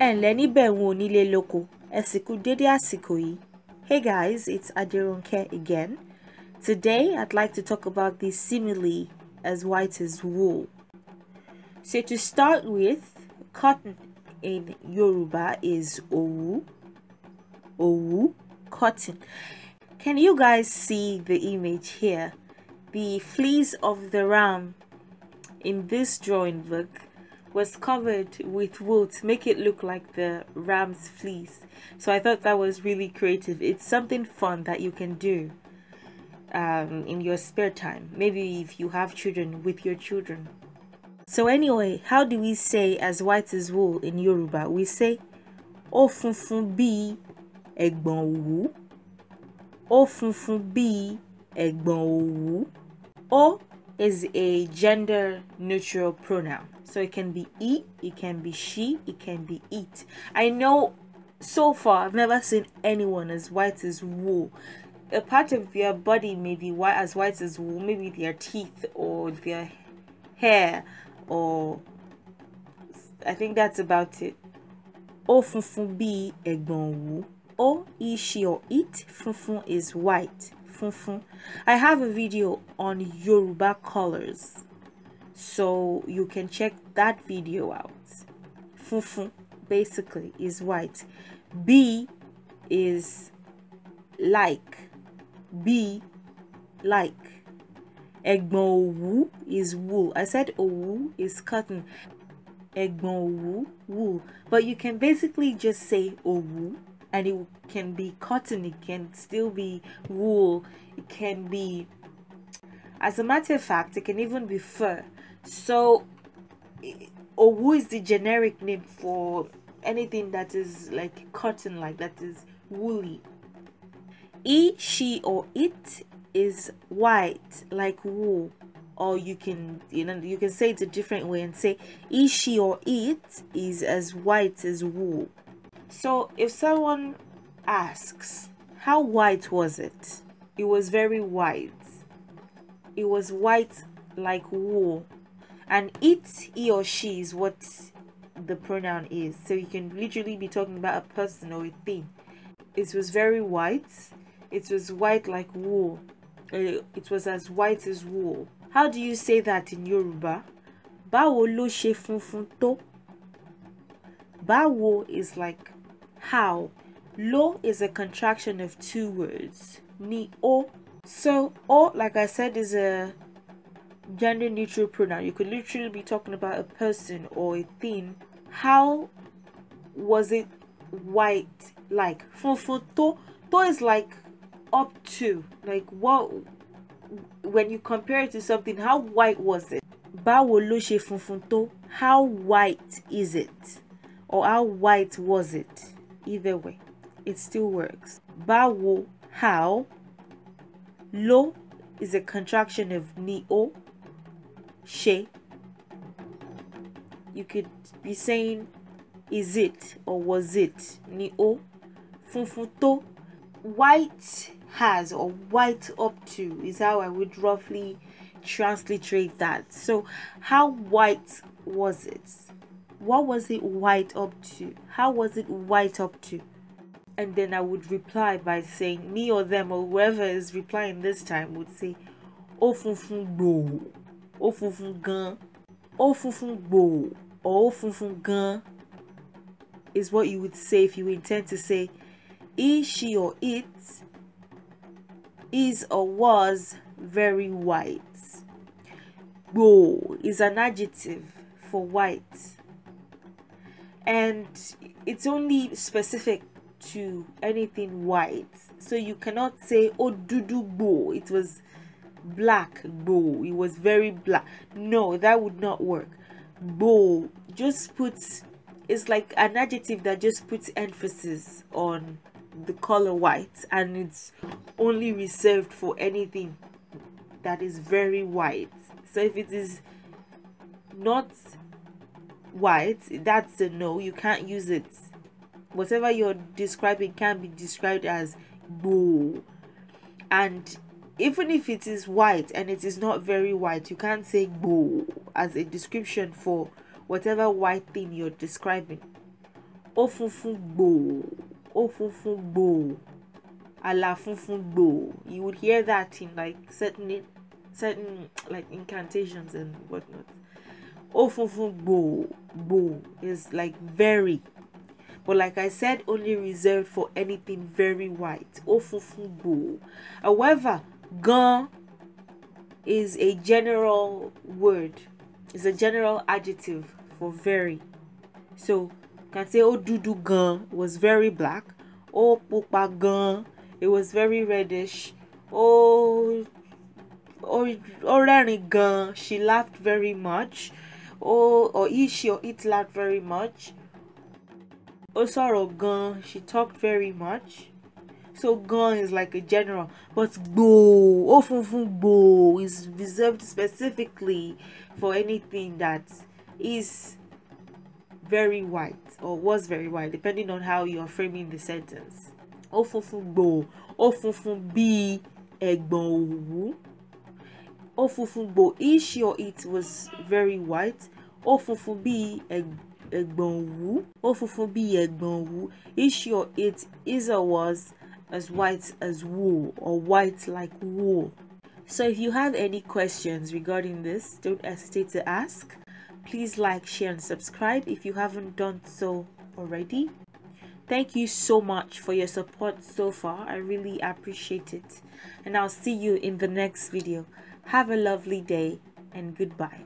And níbẹ̀ ń wo onílé lóko ẹ loco kú dédé Hey guys, it's Adirunke again. Today I'd like to talk about the simile as white as wool. So to start with, cotton in Yoruba is owu. Owu, cotton. Can you guys see the image here? The fleece of the ram in this drawing book was covered with wool to make it look like the ram's fleece. So I thought that was really creative. It's something fun that you can do um, in your spare time. Maybe if you have children, with your children. So anyway, how do we say as white as wool in Yoruba? We say ó bí ẹ̀gbọ̀n òwú. ó bí ẹ̀gbọ̀n O is a gender neutral pronoun. So it can be he, it can be she, it can be it. I know so far I've never seen anyone as white as wool. A part of their body may be white as white as wool, maybe their teeth or their hair or I think that's about it. O funfun bi egbon wu. O, she, or it, funfun is white funfun. I have a video on Yoruba colors. So you can check that video out. Funfun basically is white. B is like. B like. Ẹ̀gbọ̀n òwú is wool. I said òwú is cotton. Ẹ̀gbọ̀n òwú, wool. But you can basically just say òwú and it can be cotton it can still be wool it can be as a matter of fact it can even be fur so or who is the generic name for anything that is like cotton like that is woolly e she or it is white like wool or you can you know you can say it a different way and say e she or it is as white as wool so if someone asks, how white was it? It was very white. It was white like wool. And it, he or she is what the pronoun is. So you can literally be talking about a person or a thing. It was very white. It was white like wool. Eh, it was as white as wool. How do you say that in Yoruba? Báwo ló she funfun tó? Báwo is like how. Lo is a contraction of two words, ni o. So o, like I said, is a gender neutral pronoun. You could literally be talking about a person or a thing. How was it white? Like for for to to is like up to like what when you compare it to something how white was it ló how white is it or how white was it either way it still works bawo how lo is a contraction of ni o she you could be saying is it or was it Ni o to white has or white up to is how I would roughly transliterate that. So, how white was it? what was it white up to? How was it white up to? And then I would reply by saying, me or them or whoever is replying this time would say, ó funfun gbòò, ó funfun gan, ó funfun gbòò, ó funfun gan is what you would say if you intend to say "Is she or it is or was very white. Bo is an adjective for white and it's only specific to anything white so you cannot say oh dudu bo it was black bo it was very black no that would not work bo just puts it's like an adjective that just puts emphasis on the color white and it's only reserved for anything that is very white so if it is not white that's a no you can't use it whatever you're describing can be described as bo. and even if it is white and it is not very white you can't say bo as a description for whatever white thing you're describing ofunfun gbo ofunfun gbo alafunfun bo. you would hear that in like certain certain like incantations and whatnot Ofofo oh, bo bo is like very but like I said only reserved for anything very white Ofofo oh, bo. however gan is a general word it's a general adjective for very so can say ó oh, do gan was very black Oh pupa gan it was very reddish Oh, oh oh rẹ́rìn gan she laughed very much oh, or is she, or it lacked very much. Ó sọ̀rọ̀ gun, she talked very much. So gun is like a general, but oh fun fun gbòò is reserved specifically for anything that is very white or was very white, depending on how you're framing the sentence. Oh fun funfun gbòò, ó fun bíi ẹ̀gbọ̀n òwú. Ofufugbo, he, she, or it was very white. Ofufu be Egbonwu. Ofufu be Egbonwu. He, she, or was as white as wool or white like wool. So if you have any questions regarding this, don't hesitate to ask. Please like, share and subscribe if you haven't done so already. Thank you so much for your support so far. I really appreciate it. And I'll see you in the next video. Have a lovely day and goodbye.